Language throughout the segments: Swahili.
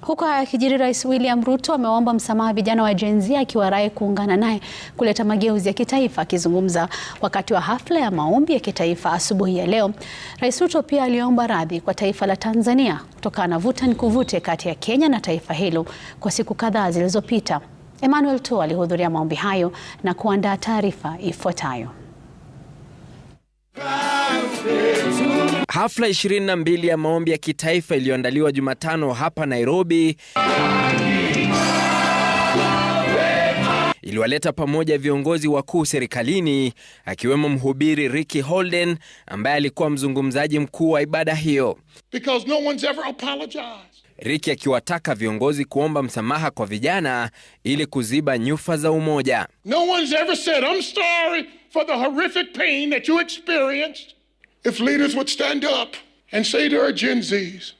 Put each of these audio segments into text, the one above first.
Huku haya yakijiri, Rais William Ruto amewaomba msamaha vijana wa Gen Z akiwarai kuungana naye kuleta mageuzi ya kitaifa. Akizungumza wakati wa hafla ya maombi ya kitaifa asubuhi ya leo, Rais Ruto pia aliomba radhi kwa taifa la Tanzania kutokana na vuta ni kuvute kati ya Kenya na taifa hilo kwa siku kadhaa zilizopita. Emmanuel Too alihudhuria maombi hayo na kuandaa taarifa ifuatayo. Hafla 22 ya maombi ya kitaifa iliyoandaliwa Jumatano hapa Nairobi iliwaleta pamoja viongozi wakuu serikalini akiwemo mhubiri Ricky Holden ambaye alikuwa mzungumzaji mkuu wa ibada hiyo. Ricky akiwataka viongozi kuomba msamaha kwa vijana ili kuziba nyufa za umoja. No one's ever said, I'm sorry for the horrific pain that you experienced if leaders would stand up and say to our Gen Zs,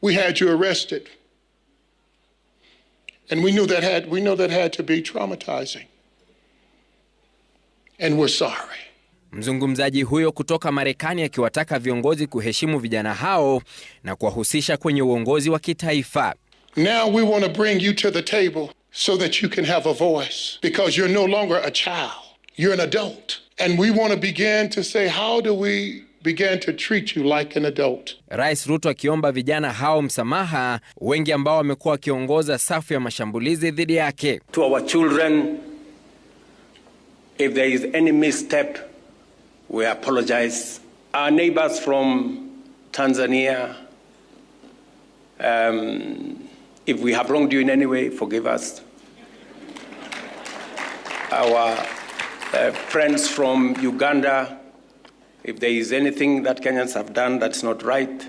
we had you arrested. And we knew that had, we know that had to be traumatizing. And we're sorry. Mzungumzaji huyo kutoka Marekani akiwataka viongozi kuheshimu vijana hao na kuwahusisha kwenye uongozi wa kitaifa. Now we want to bring you to the table so that you can have a voice because you're no longer a child. You're an adult. And we want to begin to say, how do we begin to treat you like an adult. Rais Ruto akiomba vijana hao msamaha, wengi ambao wamekuwa wakiongoza safu ya mashambulizi dhidi yake. To our children, if there is any misstep, we apologize. Our neighbors from Tanzania, um, if we have wronged you in any way, forgive us. Our Uh, friends from Uganda, if there is anything that Kenyans have done that's not right,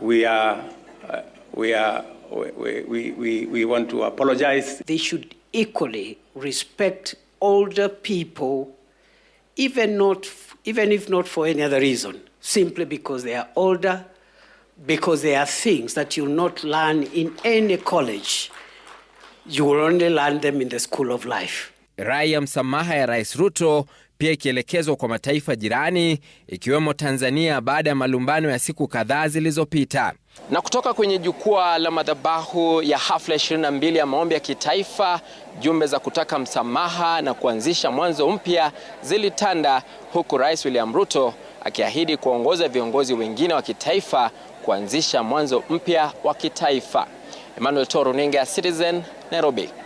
we are, uh, we are, we, we, we, we want to apologize. They should equally respect older people, even not, even if not for any other reason, simply because they are older, because there are things that you'll not learn in any college. You will only learn them in the school of life. Rai ya msamaha ya Rais Ruto pia ikielekezwa kwa mataifa jirani ikiwemo Tanzania baada ya malumbano ya siku kadhaa zilizopita. Na kutoka kwenye jukwaa la madhabahu ya hafla 22 ya maombi ya kitaifa, jumbe za kutaka msamaha na kuanzisha mwanzo mpya zilitanda, huku Rais William Ruto akiahidi kuongoza viongozi wengine wa kitaifa kuanzisha mwanzo mpya wa kitaifa. Emmanuel Toro, runinga ya Citizen, Nairobi.